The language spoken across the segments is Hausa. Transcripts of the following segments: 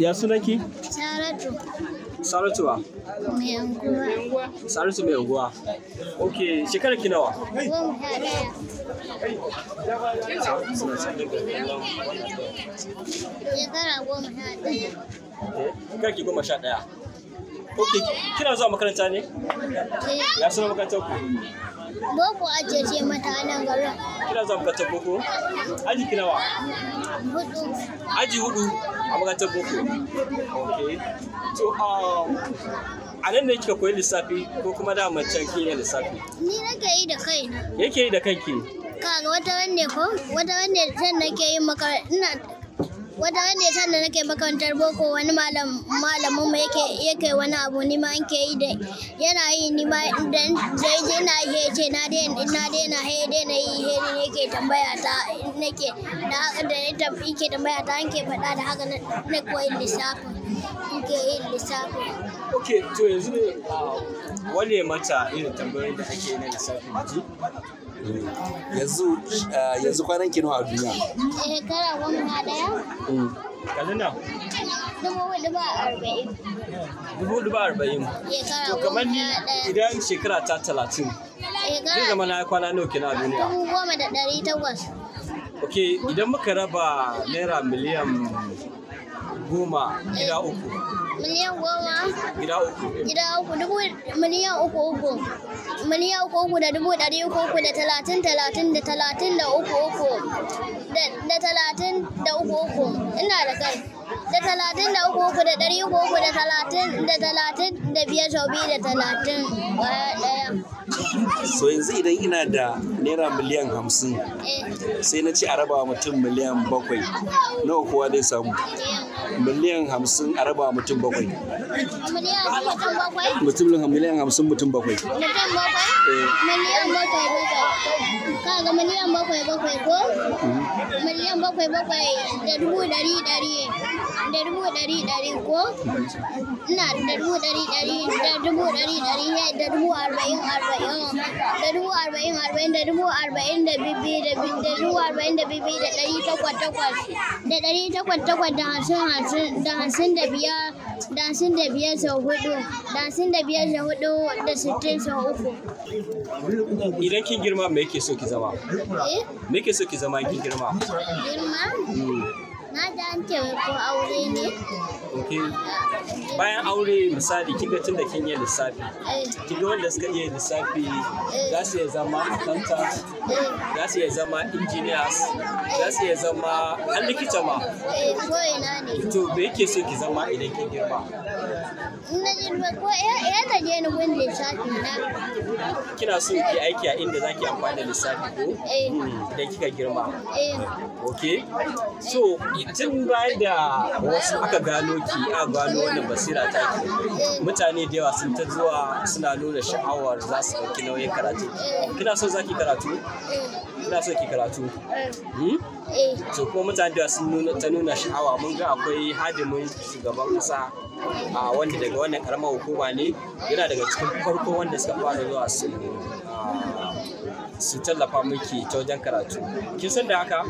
Ya sunanki? Saratu. Saratu wa? Mai unguwa. Saratu mai unguwa. Ok, shekarar ki nawa? Goma sha ɗaya. Shekara goma sha ɗaya. Eh, shekarar ki goma sha ɗaya. Ok, kina zuwa makaranta ne? Eh. Ya suna makarantar ku? Boko ajiye ce mata a nan garin. Kina zuwa makarantar boko? Aji wa? Hudu. Aji hudu? a boko okay to um, a nan ne kika koyi lissafi ko kuma da mancan ke yi lissafi ni nake yi da kaina yake yi da kanki kaga wata wanne ko wata wanne can nake yin makaranta wata ne can da nake makarantar boko wani malamin mu yake yake wani abu ni ma ke yi da yana yi ni ma dan sai je na yi ce na dai na dai na yi he ne ke tambaya ta nake da haka da tafi ke tambaya ta anke faɗa da haka na koyi lissafin nke yin lissafi ok to yanzu ah, wane mata irin tambayoyin da ake yi na lissafi miji eh, yanzu ah, yanzu kwanan ki nawa a duniya eh, kara goma daya mm. kalina dubu hudu arba'in dubu arba'in eh, to kamar ni idan shekara ta talatin zai zama na kwana nawa kina a duniya dubu goma da dari takwas ok idan muka raba naira miliyan goma gida uku miliyan goma gida uku eh. gida uku dubu miliyan uku uku miliyan uku uku da dubu ɗari uku uku da talatin talatin da talatin da uku uku da talatin da uku uku ina da kai da talatin da uku uku da ɗari uku uku da talatin da talatin da biyar sau biyu da talatin ɗaya so yanzu idan ina da naira miliyan hamsin eh. sai na ci a raba mutum miliyan bakwai nawa kowa zai samu มันเลี้ยงหำซึ่งอาราบามาจุ่มบกไยมันเลี้ยงหำมันเลี้ยงหำซึ่งมาจุ่มบกไปมันเลี้ยงบกไปมัเลี้ยงบกเปบกไปก็มันเลี้ยงบกไปบกไปก็มันเลี้ยงบกไปบกไปเดินมือดารีดารีเดินมือดารีดารีก็น่าเดูนมือดารีดารีเดินมืดูรีดารีเดินมืออาร์ไบงอาร์ไบงเดินมืออาร์ไบงอาร์ไบงเดินมืออาร์ไบงเดบิบีเดบดิอาร์ไบ์เดบิบีเดดารีเจ้ากวนเจ้ากวนเดดารีเจ้ากเจ้ากวูอารน hamsin da hamsin da biyar da hamsin da biyar sau hudu da hamsin da biyar sau hudu da sittin sau uku. Idan kin girma me yake so ki zama? Eh? Me yake so ki zama kin girma? Girma? Mm. Na an ce ko aure ne. Ok. Bayan aure misali kiga tun da kin yi lissafi. Eh. Kiga wanda suka iya lissafi eh. za su iya zama akanta? Eh. za su iya zama engineers, za su iya zama an likita ma. Eh, ko ina ne. To me yake so ki zama idan kin girma? Ina girma ko ya ta je ni gun lissafi na. Kina so ki aiki a inda za ki amfani da lissafi ko? Hmm, idan kika girma. Eh. Ok. So tun bayan da wasu aka gano ki a gano wannan basira ta ke, mutane da yawa sun ta zuwa suna nuna sha'awar za su ɗauki nauyin karatu kina so za ki karatu eh. kina so ki karatu eh. hmm? Eh. To kuma mutane da sun ta nuna sha'awa mun ga akwai hadimin shugaban kasa a wanda daga wannan karamar hukuma ne yana daga cikin farko wanda suka fara zuwa su su tallafa miki ta wajen karatu kin san da haka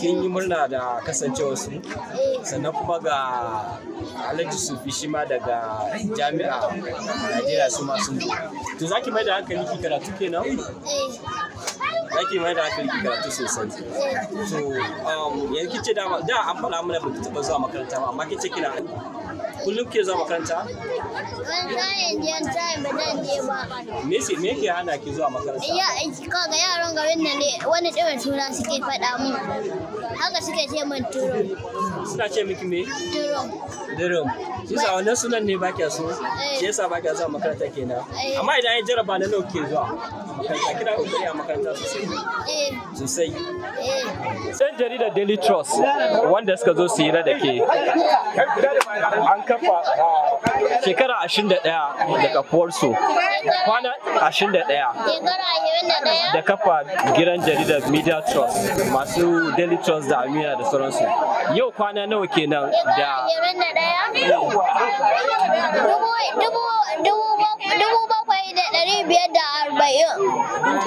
kin yi murna da kasancewar su eh. sannan kuma ga alhaji sufi shi ma daga jami'a najeriya su masu to zaki mai da hankali ki karatu kenan eh. ake mai da hankali karatu sosai so um yanzu kice da da an faɗa mana ba ki taɓa zuwa makaranta ba amma kice kina kullum ke zuwa makaranta Wannan ban zan je ba me me ke hana ki zuwa makaranta ya aiki ka wannan da ne wani irin tura suke faɗa mun haka suke ce mun turo suna ce miki me turo durum shi sa wannan sunan ne baki so eh. shi yasa baki zuwa makaranta kenan eh. amma idan an jaraba na nawa ke zuwa makaranta kina kokari a makaranta sosai eh. sosai sai jaridar daily trust wanda suka zo su yi da ke an kafa ah, shekara ashirin da ɗaya da kafuwarsu kwana ashirin da ɗaya da kafa gidan jaridar media trust masu daily trust da amina da sauransu yau kwana nawa kenan da dubu bakwai da ɗari biyar da arba'in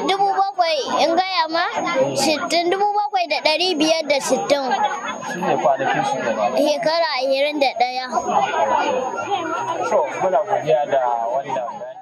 dubu bakwai in gaya ma sittin dubu bakwai da ɗari biyar da sittin shine kwanakin shekara ashirin da ɗaya. So, muna godiya da wannan